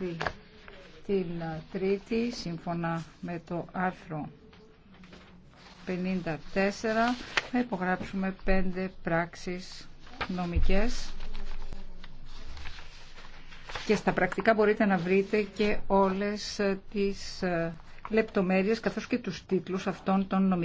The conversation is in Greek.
Στην την Τρίτη σύμφωνα με το άρθρο 54 θα υπογράψουμε πέντε πράξεις νομικές και στα πρακτικά μπορείτε να βρείτε και όλες ε, τις ε, λεπτομέρειες καθώς και τους τίτλους αυτών των νομικών